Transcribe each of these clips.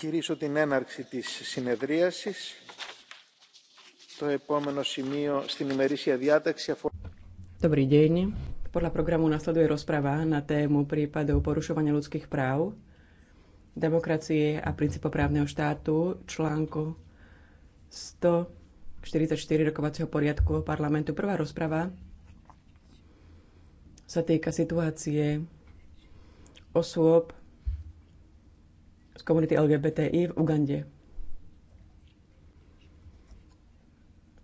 κηρύσω την έναρξη της συνεδρίασης. Το επόμενο σημείο στην ημερήσια διάταξη αφορά... Dobrý deň. Podľa programu nasleduje rozprava na tému prípadov porušovania ľudských práv, demokracie a princípov právneho štátu, článku 144 rokovacieho poriadku parlamentu. Prvá rozprava sa týka situácie osôb z komunity LGBTI v Ugande.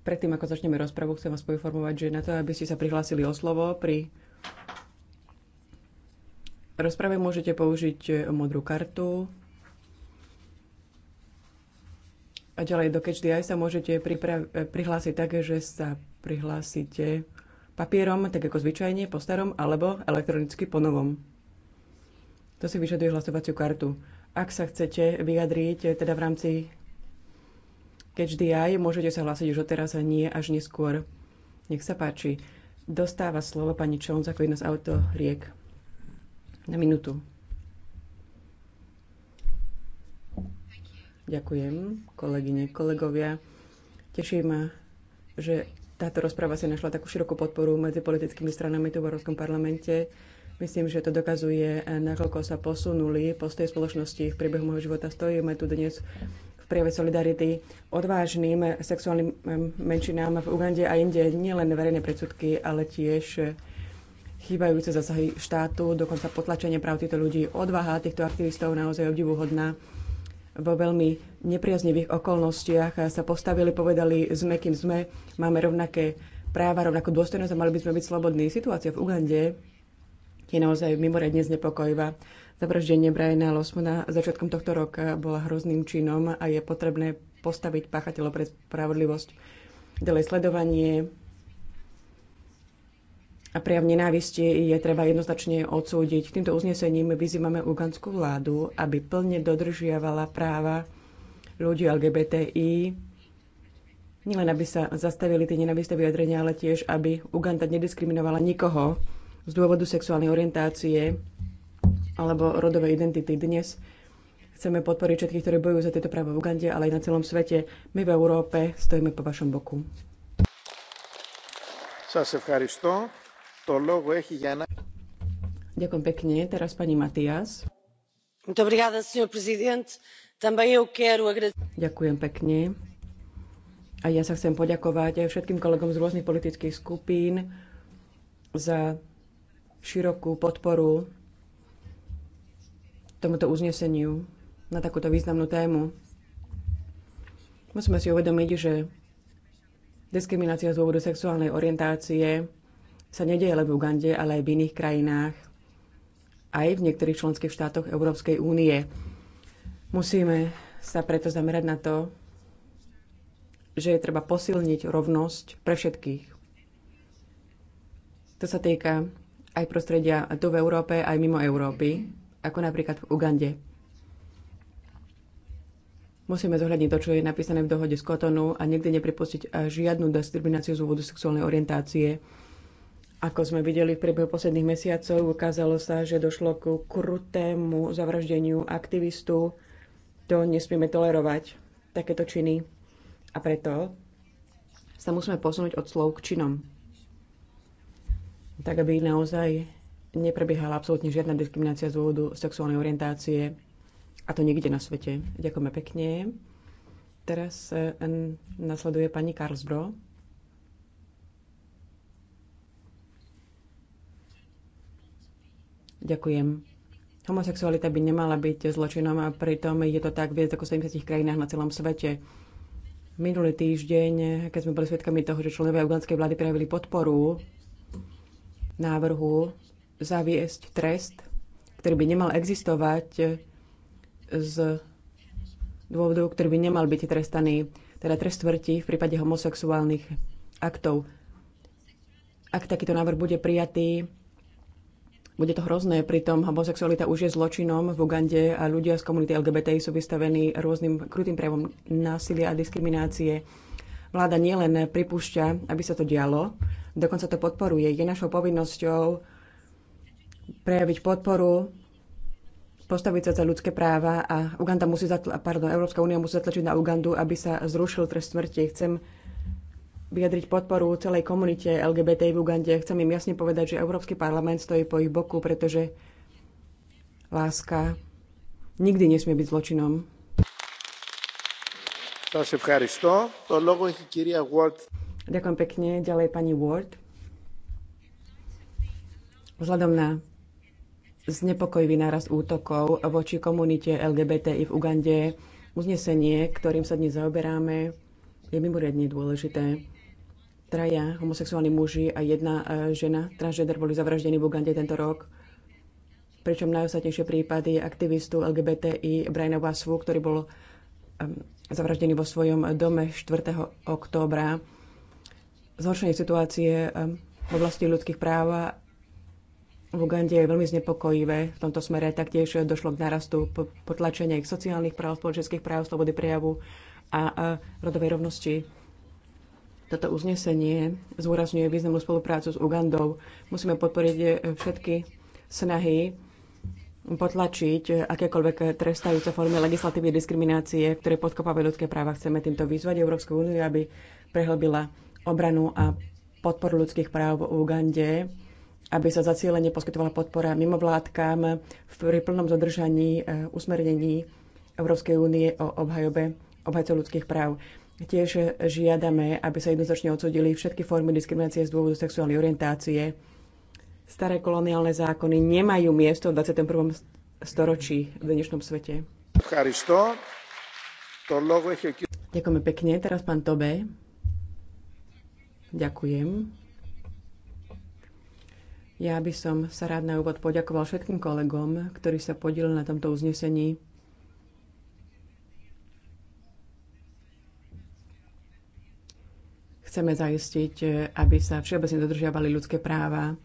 Predtým, ako začneme rozpravu, chcem vás poinformovať, že na to, aby ste sa prihlásili o slovo pri rozprave môžete použiť e, modrú kartu. A ďalej do Catch the Eye sa môžete e, prihlásiť tak, že sa prihlásite papierom, tak ako zvyčajne, po starom, alebo elektronicky po novom. To si vyžaduje hlasovaciu kartu. Ak sa chcete vyjadriť, teda v rámci Catch the Eye, môžete sa hlásiť už teraz a nie až neskôr. Nech sa páči. Dostáva slovo pani Jones ako jedna z autoriek. Na minútu. Ďakujem, kolegyne, kolegovia. Teší ma, že táto rozpráva si našla takú širokú podporu medzi politickými stranami tu v Európskom parlamente. Myslím, že to dokazuje, eh, nakoľko sa posunuli tej spoločnosti v priebehu môjho života. Stojíme tu dnes v prieve solidarity odvážnym eh, sexuálnym eh, menšinám v Ugande a inde nielen verejné predsudky, ale tiež chýbajúce zasahy štátu, dokonca potlačenie práv týchto ľudí. Odvaha týchto aktivistov naozaj obdivuhodná. Vo veľmi nepriaznivých okolnostiach sa postavili, povedali, sme kým sme, máme rovnaké práva, rovnakú dôstojnosť a mali by sme byť slobodní. Situácia v Ugande je naozaj mimoriadne znepokojivá. Zavraždenie Briana Losmana začiatkom tohto roka bola hrozným činom a je potrebné postaviť páchateľov pred spravodlivosť. Ďalej sledovanie a prejav nenávisti je treba jednoznačne odsúdiť. Týmto uznesením vyzývame ugandskú vládu, aby plne dodržiavala práva ľudí LGBTI, nielen aby sa zastavili tie nenávisté vyjadrenia, ale tiež aby Uganda nediskriminovala nikoho, z dôvodu sexuálnej orientácie alebo rodovej identity. Dnes chceme podporiť všetkých, ktorí bojujú za tieto práva v Ugande, ale aj na celom svete. My v Európe stojíme po vašom boku. Ďakujem pekne. Teraz pani Matias. Ďakujem pekne. A ja sa chcem poďakovať aj všetkým kolegom z rôznych politických skupín za širokú podporu tomuto uzneseniu na takúto významnú tému. Musíme si uvedomiť, že diskriminácia z dôvodu sexuálnej orientácie sa nedieje len v Ugande, ale aj v iných krajinách, aj v niektorých členských štátoch Európskej únie. Musíme sa preto zamerať na to, že je treba posilniť rovnosť pre všetkých. To sa týka aj prostredia tu v Európe, aj mimo Európy, ako napríklad v Ugande. Musíme zohľadniť to, čo je napísané v dohode z Kotonu a nikdy nepripustiť eh, žiadnu diskrimináciu z úvodu sexuálnej orientácie. Ako sme videli v priebehu posledných mesiacov, ukázalo sa, že došlo ku krutému zavraždeniu aktivistu. To nesmieme tolerovať, takéto činy. A preto sa musíme posunúť od slov k činom tak aby naozaj neprebiehala absolútne žiadna diskriminácia z dôvodu sexuálnej orientácie a to nikde na svete. Ďakujeme pekne. Teraz e, nasleduje pani Karlsbro. Ďakujem. Homosexualita by nemala byť zločinom a pritom je to tak viac ako 70 krajinách na celom svete. Minulý týždeň, keď sme boli svedkami toho, že členovia ugandskej vlády prejavili podporu návrhu zaviesť trest, ktorý by nemal existovať e, z dôvodov, ktorý by nemal byť trestaný, teda trest smrti v prípade homosexuálnych aktov. Ak takýto návrh bude prijatý, bude to hrozné, pritom homosexualita už je zločinom v Ugande a ľudia z komunity LGBTI sú vystavení rôznym krutým prejavom násilia a diskriminácie. Vláda nielen pripúšťa, aby sa to dialo, dokonca to podporuje. Je našou povinnosťou prejaviť podporu, postaviť sa za ľudské práva a Uganda musí zatl- pardon, Európska únia musí zatlačiť na Ugandu, aby sa zrušil trest smrti. Chcem vyjadriť podporu celej komunite LGBT v Ugande. Chcem im jasne povedať, že Európsky parlament stojí po ich boku, pretože láska nikdy nesmie byť zločinom. Ďakujem. Ďakujem pekne. Ďalej pani Ward. Vzhľadom na znepokojivý náraz útokov voči komunite LGBTI v Ugande, uznesenie, ktorým sa dnes zaoberáme, je mimoriadne dôležité. Traja homosexuálni muži a jedna e, žena transgender boli zavraždení v Ugande tento rok pričom najostatnejšie prípady aktivistu LGBTI Briana Wasvu, ktorý bol zavraždený vo svojom dome 4. októbra zhoršenie situácie v oblasti ľudských práv v Ugande je veľmi znepokojivé. V tomto smere taktiež došlo k narastu potlačenia ich sociálnych práv, spoločenských práv, slobody prejavu a rodovej rovnosti. Toto uznesenie zúrazňuje významnú spoluprácu s Ugandou. Musíme podporiť eh, všetky snahy potlačiť akékoľvek trestajúce formy legislatívy diskriminácie, ktoré podkopávajú ľudské práva. Chceme týmto vyzvať Európsku úniu, aby prehlbila obranu a podporu ľudských práv v Ugande, aby sa zacielenie poskytovala podpora mimovládkám pri plnom zadržaní e, usmernení Európskej únie o obhajobe obhajcov ľudských práv. Tiež žiadame, aby sa jednoznačne odsudili všetky formy diskriminácie z dôvodu sexuálnej orientácie. Staré koloniálne zákony nemajú miesto v 21. storočí v dnešnom svete. Ďakujeme pekne. Teraz pán Tobe. Ďakujem. Ja by som sa rád na úvod poďakoval všetkým kolegom, ktorí sa podielili na tomto uznesení. Chceme zaistiť, aby sa všeobecne dodržiavali ľudské práva.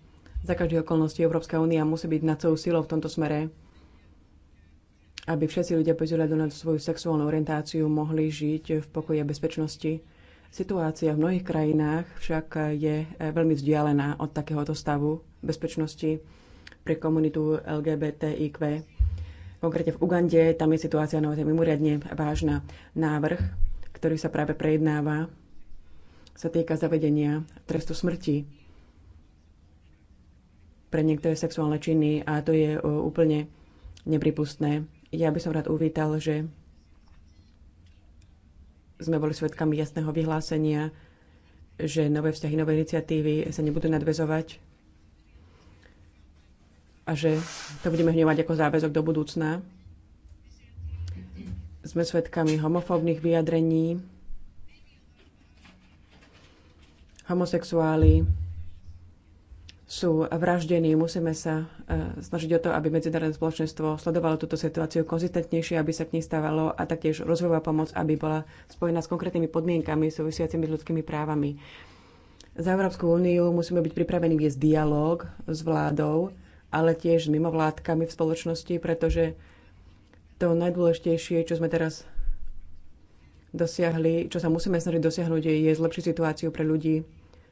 Za každé okolnosti Európska únia musí byť nad celou silou v tomto smere, aby všetci ľudia bez na svoju sexuálnu orientáciu mohli žiť v pokoji a bezpečnosti. Situácia v mnohých krajinách však je eh, veľmi vzdialená od takéhoto stavu bezpečnosti pre komunitu LGBTIQ. Konkrétne v Ugande tam je situácia naozaj mimoriadne vážna. Návrh, ktorý sa práve prejednáva, sa týka zavedenia trestu smrti pre niektoré sexuálne činy a to je eh, úplne nepripustné. Ja by som rád uvítal, že sme boli svedkami jasného vyhlásenia, že nové vzťahy, nové iniciatívy sa nebudú nadvezovať a že to budeme hnevať ako záväzok do budúcna. Sme svedkami homofóbnych vyjadrení, homosexuáli, sú vraždení. Musíme sa e, snažiť o to, aby medzinárodné spoločenstvo sledovalo túto situáciu konzistentnejšie, aby sa k nej stávalo a taktiež rozvojová pomoc, aby bola spojená s konkrétnymi podmienkami súvisiacimi s ľudskými právami. Za Európsku úniu musíme byť pripravení viesť dialog s vládou, ale tiež s mimovládkami v spoločnosti, pretože to najdôležitejšie, čo sme teraz dosiahli, čo sa musíme snažiť dosiahnuť, je zlepšiť situáciu pre ľudí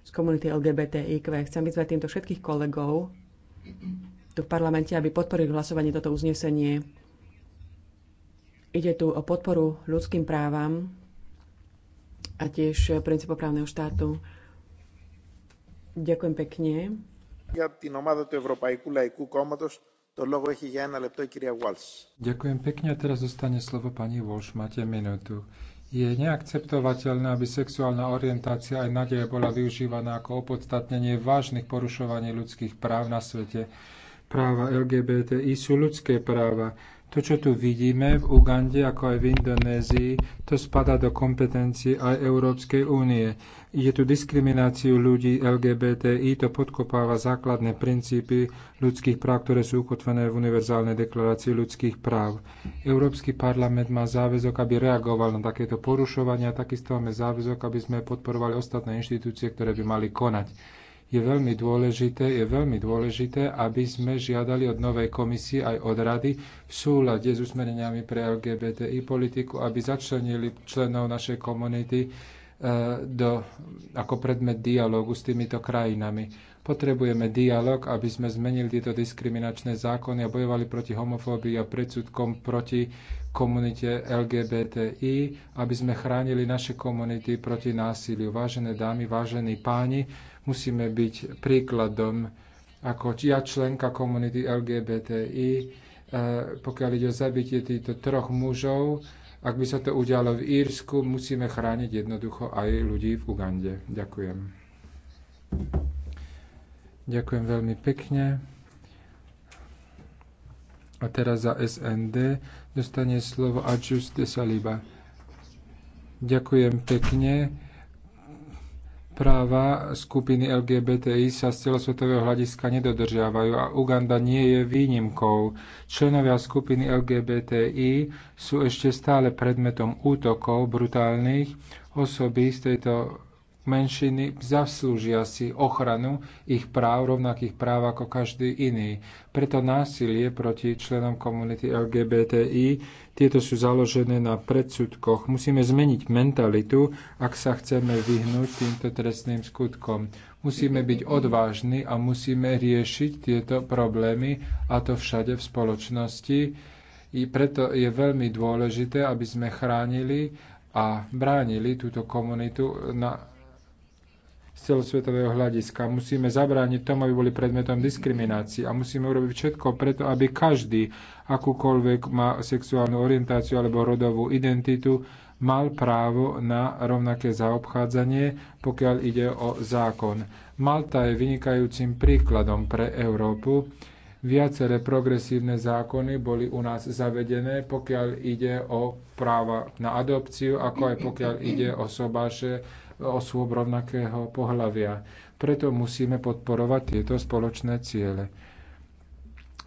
z komunity LGBTIQ. Chcem vyzvať týmto všetkých kolegov tu v parlamente, aby podporili hlasovanie toto uznesenie. Ide tu o podporu ľudským právam a tiež princípu právneho štátu. Ďakujem pekne. Ďakujem pekne a teraz zostane slovo pani Walsh. Máte minútu. Je neakceptovateľné, aby sexuálna orientácia aj nadeje bola využívaná ako opodstatnenie vážnych porušovaní ľudských práv na svete. Práva LGBTI sú ľudské práva to, čo tu vidíme v Ugande, ako aj v Indonézii, to spada do kompetencie aj Európskej únie. Je tu diskrimináciu ľudí LGBTI, to podkopáva základné princípy ľudských práv, ktoré sú ukotvené v Univerzálnej deklarácii ľudských práv. Európsky parlament má záväzok, aby reagoval na takéto porušovania, takisto máme záväzok, aby sme podporovali ostatné inštitúcie, ktoré by mali konať je veľmi dôležité, je veľmi dôležité, aby sme žiadali od novej komisie aj od rady v súlade s usmereniami pre LGBTI politiku, aby začlenili členov našej komunity e, do, ako predmet dialógu s týmito krajinami. Potrebujeme dialog, aby sme zmenili tieto diskriminačné zákony a bojovali proti homofóbii a predsudkom proti komunite LGBTI, aby sme chránili naše komunity proti násiliu. Vážené dámy, vážení páni, Musíme byť príkladom ako ja členka komunity LGBTI, e, pokiaľ ide o zabitie týchto troch mužov, ak by sa to udialo v Írsku, musíme chrániť jednoducho aj ľudí v Ugande. Ďakujem. Ďakujem veľmi pekne. A teraz za SND dostane slovo Ačus de Saliba. Ďakujem pekne práva skupiny LGBTI sa z celosvetového hľadiska nedodržiavajú a Uganda nie je výnimkou. Členovia skupiny LGBTI sú ešte stále predmetom útokov brutálnych. Osoby z tejto menšiny zaslúžia si ochranu ich práv, rovnakých práv ako každý iný. Preto násilie proti členom komunity LGBTI tieto sú založené na predsudkoch. Musíme zmeniť mentalitu, ak sa chceme vyhnúť týmto trestným skutkom. Musíme byť odvážni a musíme riešiť tieto problémy, a to všade v spoločnosti. I preto je veľmi dôležité, aby sme chránili a bránili túto komunitu na z celosvetového hľadiska. Musíme zabrániť tomu, aby boli predmetom diskriminácií a musíme urobiť všetko preto, aby každý, akúkoľvek má sexuálnu orientáciu alebo rodovú identitu, mal právo na rovnaké zaobchádzanie, pokiaľ ide o zákon. Malta je vynikajúcim príkladom pre Európu. Viaceré progresívne zákony boli u nás zavedené, pokiaľ ide o práva na adopciu, ako aj pokiaľ ide o sobáše osôb rovnakého pohľavia. Preto musíme podporovať tieto spoločné ciele.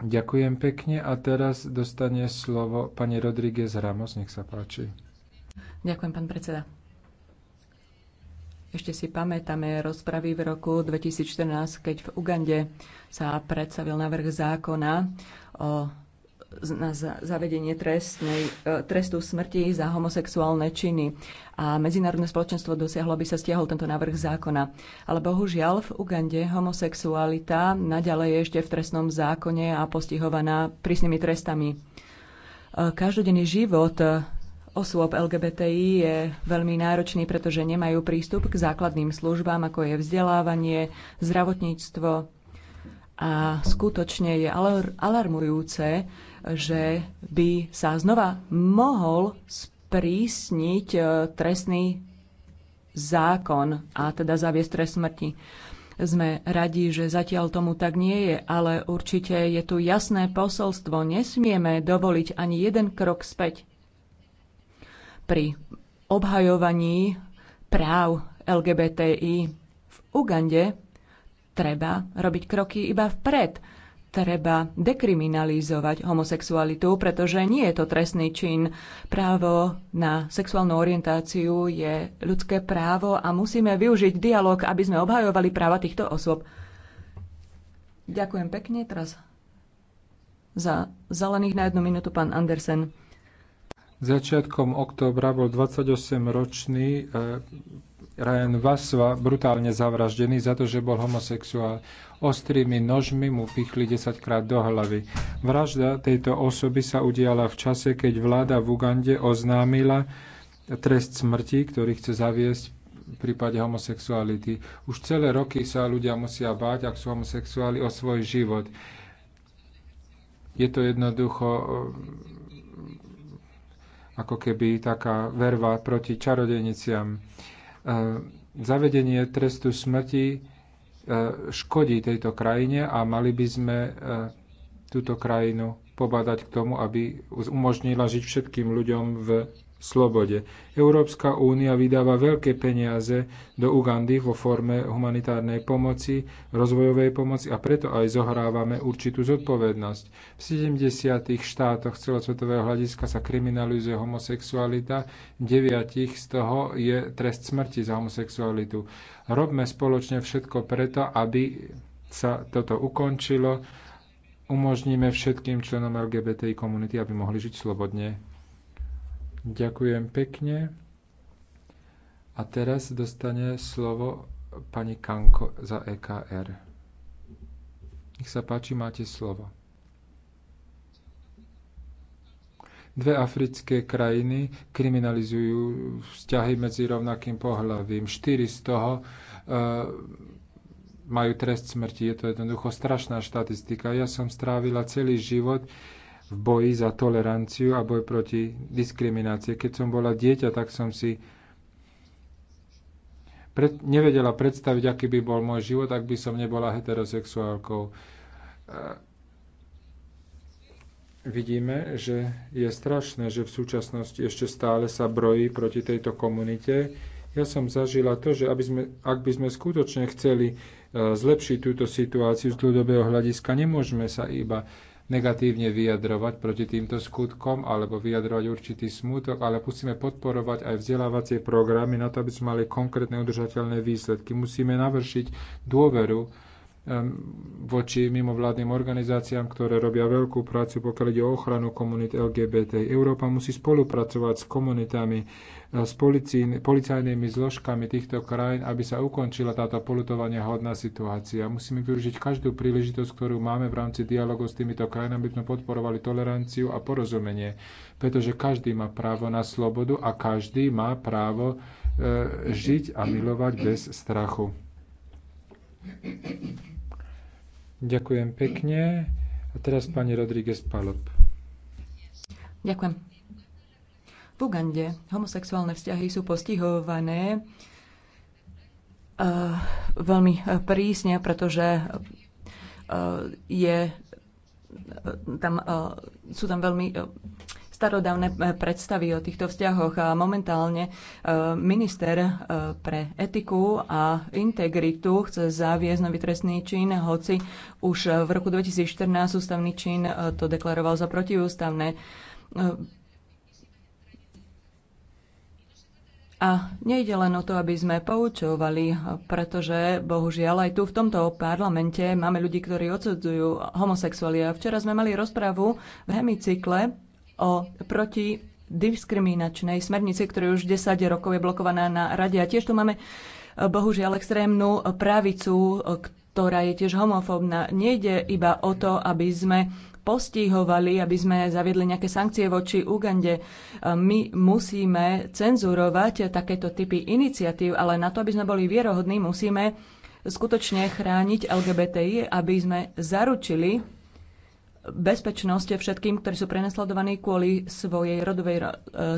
Ďakujem pekne a teraz dostane slovo pani Rodríguez Ramos. Nech sa páči. Ďakujem, pán predseda. Ešte si pamätáme rozpravy v roku 2014, keď v Ugande sa predstavil návrh zákona o na zavedenie trestnej, e, trestu smrti za homosexuálne činy. A medzinárodné spoločenstvo dosiahlo, aby sa stiahol tento návrh zákona. Ale bohužiaľ v Ugande homosexualita naďalej je ešte v trestnom zákone a postihovaná prísnymi trestami. E, Každodenný život e, osôb LGBTI je veľmi náročný, pretože nemajú prístup k základným službám, ako je vzdelávanie, zdravotníctvo, a skutočne je alarmujúce, že by sa znova mohol sprísniť e, trestný zákon a teda zaviesť trest smrti. Sme radi, že zatiaľ tomu tak nie je, ale určite je tu jasné posolstvo. Nesmieme dovoliť ani jeden krok späť pri obhajovaní práv LGBTI. V Ugande treba robiť kroky iba vpred treba dekriminalizovať homosexualitu, pretože nie je to trestný čin. Právo na sexuálnu orientáciu je ľudské právo a musíme využiť dialog, aby sme obhajovali práva týchto osôb. Ďakujem pekne. Teraz za zelených na jednu minútu pán Andersen. Začiatkom októbra bol 28-ročný Ryan Vasva brutálne zavraždený za to, že bol homosexuál. Ostrými nožmi mu pichli 10 krát do hlavy. Vražda tejto osoby sa udiala v čase, keď vláda v Ugande oznámila trest smrti, ktorý chce zaviesť v prípade homosexuality. Už celé roky sa ľudia musia báť, ak sú homosexuáli, o svoj život. Je to jednoducho um, ako keby taká verva proti čarodeniciam Zavedenie trestu smrti e, škodí tejto krajine a mali by sme e, túto krajinu pobadať k tomu, aby umožnila žiť všetkým ľuďom v slobode. Európska únia vydáva veľké peniaze do Ugandy vo forme humanitárnej pomoci, rozvojovej pomoci a preto aj zohrávame určitú zodpovednosť. V 70 štátoch celosvetového hľadiska sa kriminalizuje homosexualita, v 9 z toho je trest smrti za homosexualitu. Robme spoločne všetko preto, aby sa toto ukončilo umožníme všetkým členom LGBTI komunity, aby mohli žiť slobodne Ďakujem pekne. A teraz dostane slovo pani Kanko za EKR. Nech sa páči, máte slovo. Dve africké krajiny kriminalizujú vzťahy medzi rovnakým pohľavím. Štyri z toho e, majú trest smrti. Je to jednoducho strašná štatistika. Ja som strávila celý život v boji za toleranciu a boj proti diskriminácii. Keď som bola dieťa, tak som si pred, nevedela predstaviť, aký by bol môj život, ak by som nebola heterosexuálkou. Vidíme, že je strašné, že v súčasnosti ešte stále sa brojí proti tejto komunite. Ja som zažila to, že aby sme, ak by sme skutočne chceli e, zlepšiť túto situáciu z dlhodobého hľadiska, nemôžeme sa iba uh, negatívne vyjadrovať proti týmto skutkom alebo vyjadrovať určitý smútok, ale musíme podporovať aj vzdelávacie programy na to, aby sme mali konkrétne udržateľné výsledky. Musíme navršiť dôveru voči mimovládnym organizáciám, ktoré robia veľkú prácu, pokiaľ ide o ochranu komunít LGBT. Európa musí spolupracovať s komunitami, e, s policajnými zložkami týchto krajín, aby sa ukončila táto polutovania hodná situácia. Musíme využiť každú príležitosť, ktorú máme v rámci dialogu s týmito krajinami, aby sme podporovali toleranciu a porozumenie, pretože každý má právo na slobodu a každý má právo e, žiť a milovať bez strachu. Thank you. Ďakujem pekne. A teraz pani Rodríguez Palop. Ďakujem. V Ugande homosexuálne vzťahy sú postihované uh, veľmi eh, prísne, pretože uh, je tam, uh, sú tam veľmi uh, starodávne predstavy o týchto vzťahoch a momentálne e, minister e, pre etiku a integritu chce zaviesť nový trestný čin, hoci už e, v roku 2014 ústavný čin to deklaroval za protiústavné. A nejde len o to, aby sme poučovali, pretože bohužiaľ aj tu v tomto parlamente máme ľudí, ktorí odsudzujú homosexuália. Včera sme mali rozprávu v hemicykle o proti diskriminačnej smernici, ktorá už 10 rokov je blokovaná na rade. A tiež tu máme e, bohužiaľ extrémnu pravicu, e, ktorá je tiež homofóbna. Nejde iba o to, aby sme postihovali, aby sme zaviedli nejaké sankcie voči Ugande. E, my musíme cenzurovať takéto typy iniciatív, ale na to, aby sme boli vierohodní, musíme skutočne chrániť LGBTI, aby sme zaručili bezpečnosť všetkým, ktorí sú prenasledovaní kvôli svojej rodovej, eh,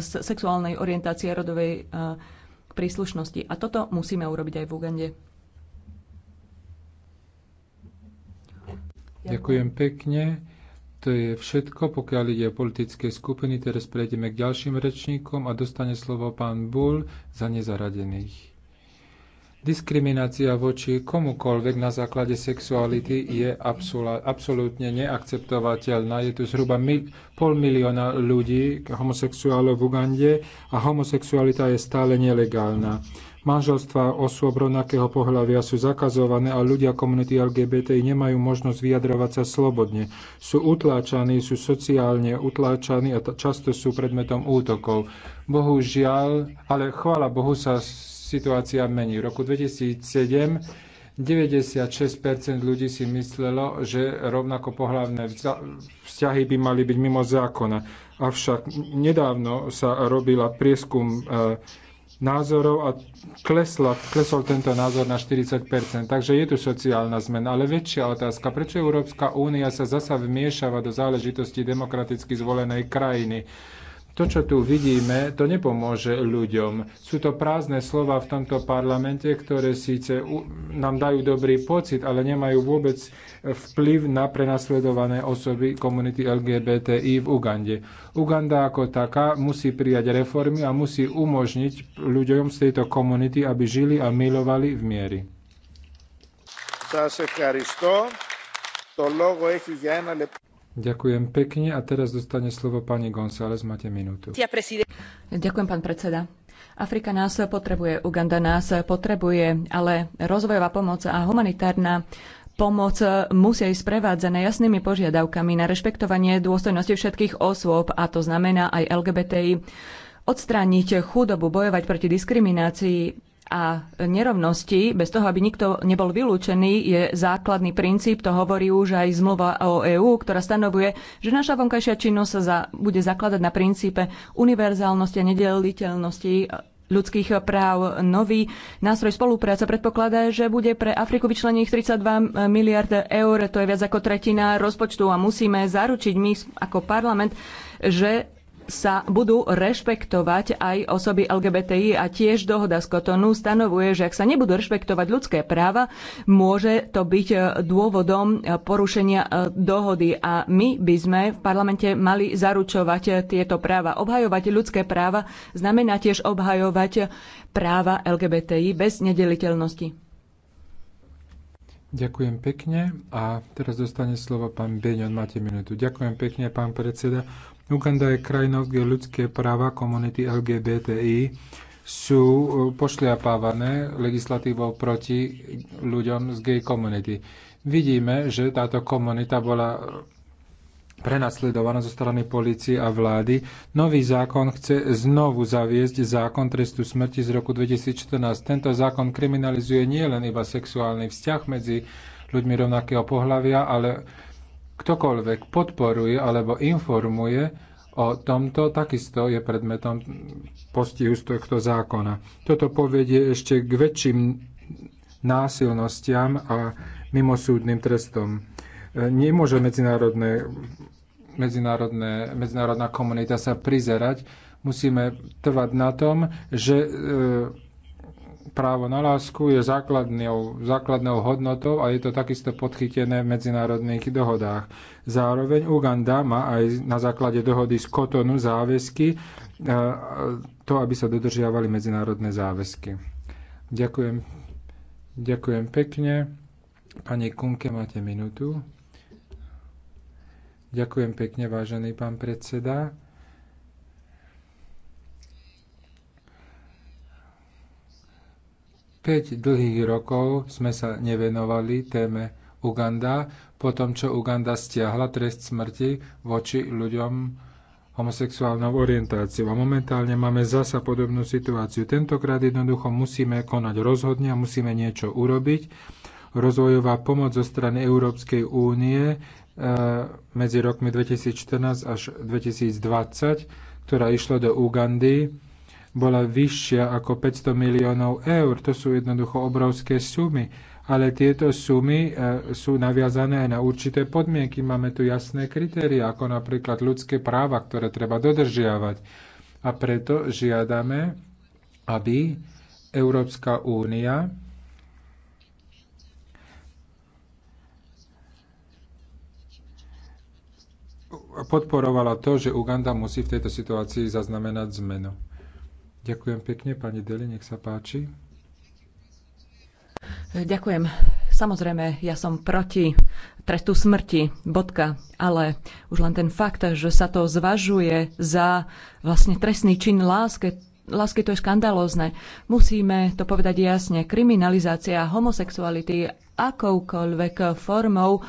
sexuálnej orientácii a rodovej eh, príslušnosti. A toto musíme urobiť aj v Ugande. Ďakujem pekne. To je všetko, pokiaľ ide o politické skupiny. Teraz prejdeme k ďalším rečníkom a dostane slovo pán Bull za nezaradených. Diskriminácia voči komukoľvek na základe sexuality je absolútne neakceptovateľná. Je tu zhruba mil, pol milióna ľudí, homosexuálov v Ugande a homosexualita je stále nelegálna. Manželstva osôb rovnakého pohľavia sú zakazované a ľudia komunity LGBTI nemajú možnosť vyjadrovať sa slobodne. Sú utláčaní, sú sociálne utláčaní a často sú predmetom útokov. Bohužiaľ, ale chvála Bohu sa situácia mení. V roku 2007 96% ľudí si myslelo, že rovnako pohľavné vzťahy by mali byť mimo zákona. Avšak nedávno sa robila prieskum e, názorov a klesla, klesol tento názor na 40%. Takže je tu sociálna zmena. Ale väčšia otázka, prečo Európska únia sa zasa vmiešava do záležitosti demokraticky zvolenej krajiny? To, čo tu vidíme, to nepomôže ľuďom. Sú to prázdne slova v tomto parlamente, ktoré síce nám dajú dobrý pocit, ale nemajú vôbec vplyv na prenasledované osoby komunity LGBTI v Ugande. Uganda ako taká musí prijať reformy a musí umožniť ľuďom z tejto komunity, aby žili a milovali v miery. Σας Ďakujem pekne a teraz dostane slovo pani González. Máte minútu. Ďakujem, pán predseda. Afrika nás potrebuje, Uganda nás potrebuje, ale rozvojová pomoc a humanitárna pomoc musia ísť sprevádzané jasnými požiadavkami na rešpektovanie dôstojnosti všetkých osôb, a to znamená aj LGBTI, odstrániť chudobu, bojovať proti diskriminácii, a nerovnosti, bez toho, aby nikto nebol vylúčený, je základný princíp, to hovorí už aj zmluva o EÚ, ktorá stanovuje, že naša vonkajšia činnosť sa za, bude zakladať na princípe univerzálnosti a nedeliteľnosti ľudských práv. Nový nástroj spolupráce predpokladá, že bude pre Afriku vyčlených 32 miliard eur, to je viac ako tretina rozpočtu a musíme zaručiť my ako parlament, že sa budú rešpektovať aj osoby LGBTI a tiež dohoda z Kotonu stanovuje, že ak sa nebudú rešpektovať ľudské práva, môže to byť e, dôvodom e, porušenia e, dohody a my by sme v parlamente mali zaručovať tieto práva. Obhajovať ľudské práva znamená tiež obhajovať práva LGBTI bez nedeliteľnosti. Ďakujem pekne a teraz dostane slovo pán Beňon, máte minútu. Ďakujem pekne, pán predseda. Uganda je krajinou, kde ľudské práva komunity LGBTI sú e, pošliapávané legislatívou proti ľuďom z gay komunity. Vidíme, že táto komunita bola prenasledovaná zo strany polície a vlády. Nový zákon chce znovu zaviesť zákon trestu smrti z roku 2014. Tento zákon kriminalizuje nielen iba sexuálny vzťah medzi ľuďmi rovnakého pohľavia, ale ktokoľvek podporuje alebo informuje o tomto, takisto je predmetom postihu z tohto zákona. Toto povedie ešte k väčším násilnostiam a mimosúdnym trestom. E, nemôže medzinárodné, medzinárodné, medzinárodná komunita sa prizerať. Musíme trvať na tom, že e, právo na lásku je základnou, základnou hodnotou a je to takisto podchytené v medzinárodných dohodách. Zároveň Uganda má aj na základe dohody z Kotonu záväzky e, to, aby sa dodržiavali medzinárodné záväzky. Ďakujem, ďakujem pekne. Pani Kunke, máte minútu. Ďakujem pekne, vážený pán predseda. 5 dlhých rokov sme sa nevenovali téme Uganda, po tom, čo Uganda stiahla trest smrti voči ľuďom homosexuálnou orientáciou. A momentálne máme zasa podobnú situáciu. Tentokrát jednoducho musíme konať rozhodne a musíme niečo urobiť. Rozvojová pomoc zo strany Európskej únie e, medzi rokmi 2014 až 2020, ktorá išla do Ugandy, bola vyššia ako 500 miliónov eur. To sú jednoducho obrovské sumy. Ale tieto sumy e, sú naviazané aj na určité podmienky. Máme tu jasné kritéria, ako napríklad ľudské práva, ktoré treba dodržiavať. A preto žiadame, aby Európska únia podporovala to, že Uganda musí v tejto situácii zaznamenať zmenu. Ďakujem pekne, pani Deli, nech sa páči. Ďakujem. Samozrejme, ja som proti trestu smrti, bodka, ale už len ten fakt, že sa to zvažuje za vlastne trestný čin lásky, lásky to je škandalózne. Musíme to povedať jasne. Kriminalizácia homosexuality akoukoľvek formou eh,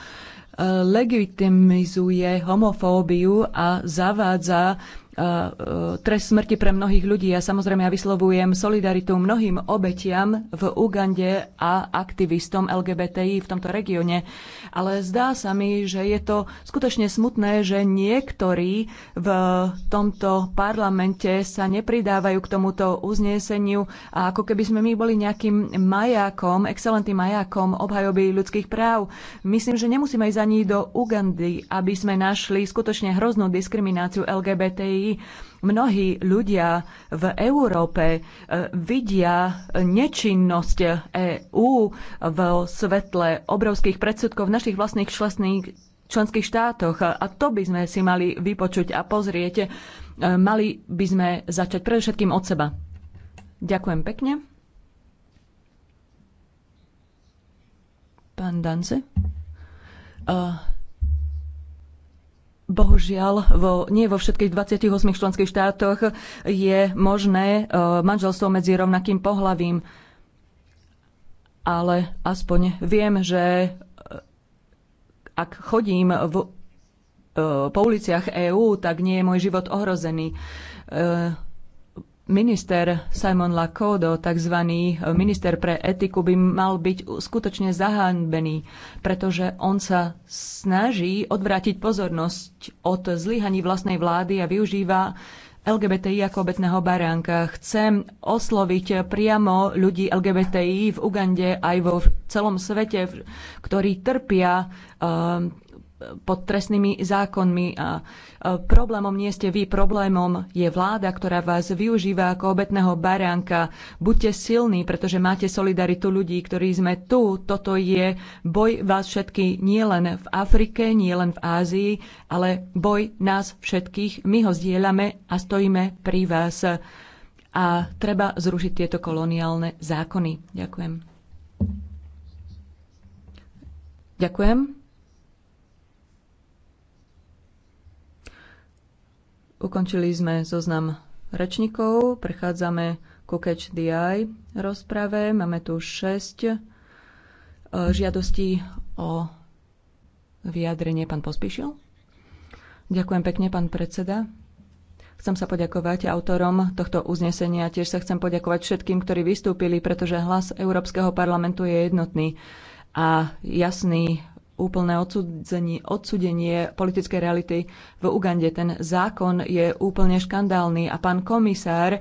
legitimizuje homofóbiu a zavádza trest smrti pre mnohých ľudí. A samozrejme ja vyslovujem solidaritu mnohým obetiam v Ugande a aktivistom LGBTI v tomto regióne. Ale zdá sa mi, že je to skutočne smutné, že niektorí v tomto parlamente sa nepridávajú k tomuto uzneseniu a ako keby sme my boli nejakým majákom, excelentným majákom obhajoby ľudských práv. Myslím, že nemusíme ísť ani do Ugandy, aby sme našli skutočne hroznú diskrimináciu LGBTI mnohí, ľudia v Európe e, vidia nečinnosť EÚ v svetle obrovských predsudkov v našich vlastných členských členských štátoch. A to by sme si mali vypočuť a pozrieť. E, mali by sme začať predovšetkým od seba. Ďakujem pekne. Pán Danze. Uh, Bohužiaľ, vo, nie vo všetkých 28 členských štátoch je možné e, manželstvo medzi rovnakým pohlavím, ale aspoň viem, že e, ak chodím v, e, po uliciach EÚ, tak nie je môj život ohrozený minister Simon Lakodo, tzv. E, minister pre etiku, by mal byť skutočne zahanbený, pretože on sa snaží odvrátiť pozornosť od zlyhaní vlastnej vlády a využíva LGBTI ako obetného baránka. Chcem osloviť priamo ľudí LGBTI v Ugande aj vo celom svete, ktorí trpia e, pod trestnými zákonmi a problémom nie ste vy, problémom je vláda, ktorá vás využíva ako obetného baránka. Buďte silní, pretože máte solidaritu ľudí, ktorí sme tu. Toto je boj vás všetky nielen v Afrike, nielen v Ázii, ale boj nás všetkých. My ho zdieľame a stojíme pri vás. A treba zrušiť tieto koloniálne zákony. Ďakujem. Ďakujem. Ukončili sme zoznam rečníkov, prechádzame ku Catch the Eye rozprave. Máme tu 6 e, žiadostí o vyjadrenie. Pán Pospíšil? Ďakujem pekne, pán predseda. Chcem sa poďakovať autorom tohto uznesenia. Tiež sa chcem poďakovať všetkým, ktorí vystúpili, pretože hlas Európskeho parlamentu je jednotný a jasný úplné odsudenie politickej reality v Ugande. Ten zákon je úplne škandálny a pán komisár, e,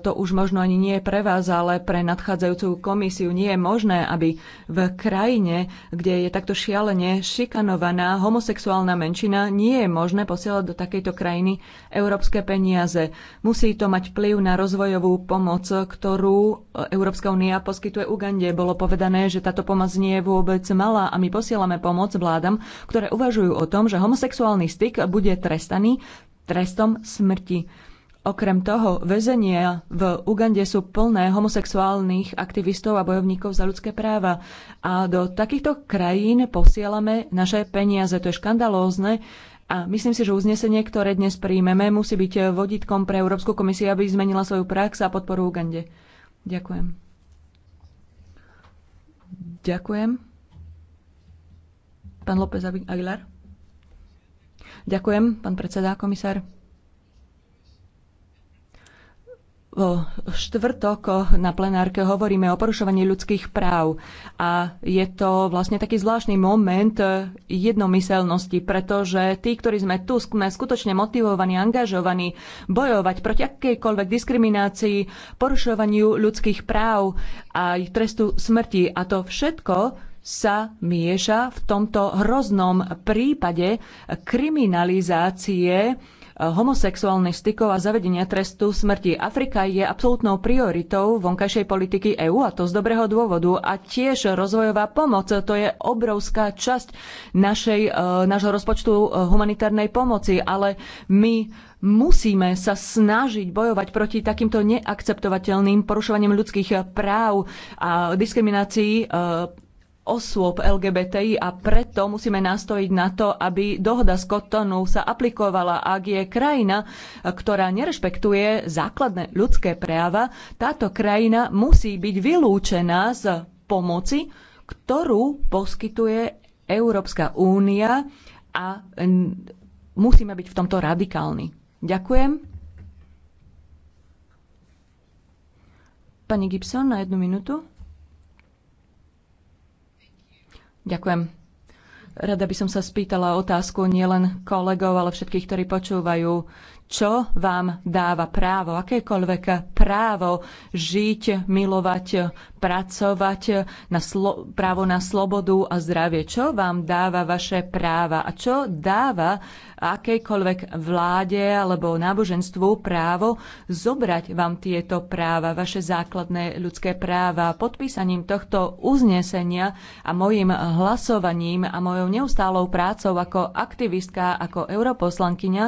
to už možno ani nie pre vás, ale pre nadchádzajúcu komisiu nie je možné, aby v krajine, kde je takto šialene šikanovaná homosexuálna menšina, nie je možné posielať do takejto krajiny európske peniaze. Musí to mať vplyv na rozvojovú pomoc, ktorú e, Európska únia poskytuje Ugande. Bolo povedané, že táto pomoc nie je vôbec malá a my posielame pomoc pomoc vládam, ktoré uvažujú o tom, že homosexuálny styk bude trestaný trestom smrti. Okrem toho, väzenia v Ugande sú plné homosexuálnych aktivistov a bojovníkov za ľudské práva. A do takýchto krajín posielame naše peniaze. To je škandalózne, a myslím si, že uznesenie, ktoré dnes príjmeme, musí byť vodítkom pre Európsku komisiu, aby zmenila svoju prax a podporu Ugande. Ďakujem. Ďakujem. Pán López Aguilar. Ďakujem, pán predseda, komisár. Vo štvrtok na plenárke hovoríme o porušovaní ľudských práv a je to vlastne taký zvláštny moment jednomyselnosti, pretože tí, ktorí sme tu, sme skutočne motivovaní, angažovaní bojovať proti akejkoľvek diskriminácii, porušovaniu ľudských práv a trestu smrti. A to všetko sa mieša v tomto hroznom prípade kriminalizácie eh, homosexuálnych stykov a zavedenia trestu smrti. Afrika je absolútnou prioritou vonkajšej politiky EÚ a to z dobrého dôvodu. A tiež rozvojová pomoc, to je obrovská časť našej, eh, nášho rozpočtu eh, humanitárnej pomoci, ale my musíme sa snažiť bojovať proti takýmto neakceptovateľným porušovaním ľudských práv a diskriminácií osôb LGBTI a preto musíme nastojiť na to, aby dohoda z Kotonu sa aplikovala. Ak je krajina, ktorá nerešpektuje základné ľudské práva, táto krajina musí byť vylúčená z pomoci, ktorú poskytuje Európska únia a musíme byť v tomto radikálni. Ďakujem. Pani Gibson, na jednu minútu. Ďakujem. Rada by som sa spýtala otázku nielen kolegov, ale všetkých, ktorí počúvajú čo vám dáva právo, akékoľvek právo žiť, milovať, pracovať, na slo- právo na slobodu a zdravie. Čo vám dáva vaše práva a čo dáva akejkoľvek vláde alebo náboženstvu právo zobrať vám tieto práva, vaše základné ľudské práva. Podpísaním tohto uznesenia a mojim hlasovaním a mojou neustálou prácou ako aktivistka, ako europoslankyňa,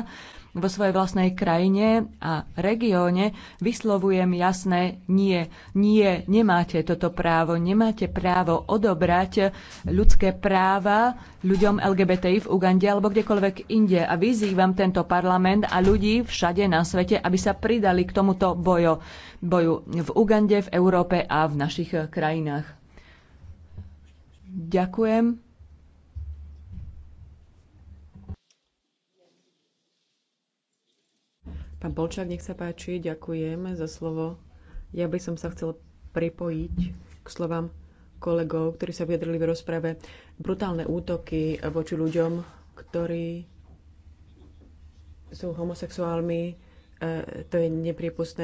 vo svojej vlastnej krajine a regióne, vyslovujem jasné nie. Nie, nemáte toto právo. Nemáte právo odobrať ľudské práva ľuďom LGBTI v Ugande alebo kdekoľvek inde. A vyzývam tento parlament a ľudí všade na svete, aby sa pridali k tomuto boju. boju v Ugande, v Európe a v našich krajinách. Ďakujem. Pán Polčák, nech sa páči, ďakujem za slovo. Ja by som sa chcel pripojiť k slovám kolegov, ktorí sa vyjadrili v rozprave. Brutálne útoky voči ľuďom, ktorí sú homosexuálmi, e, to je nepriepustné.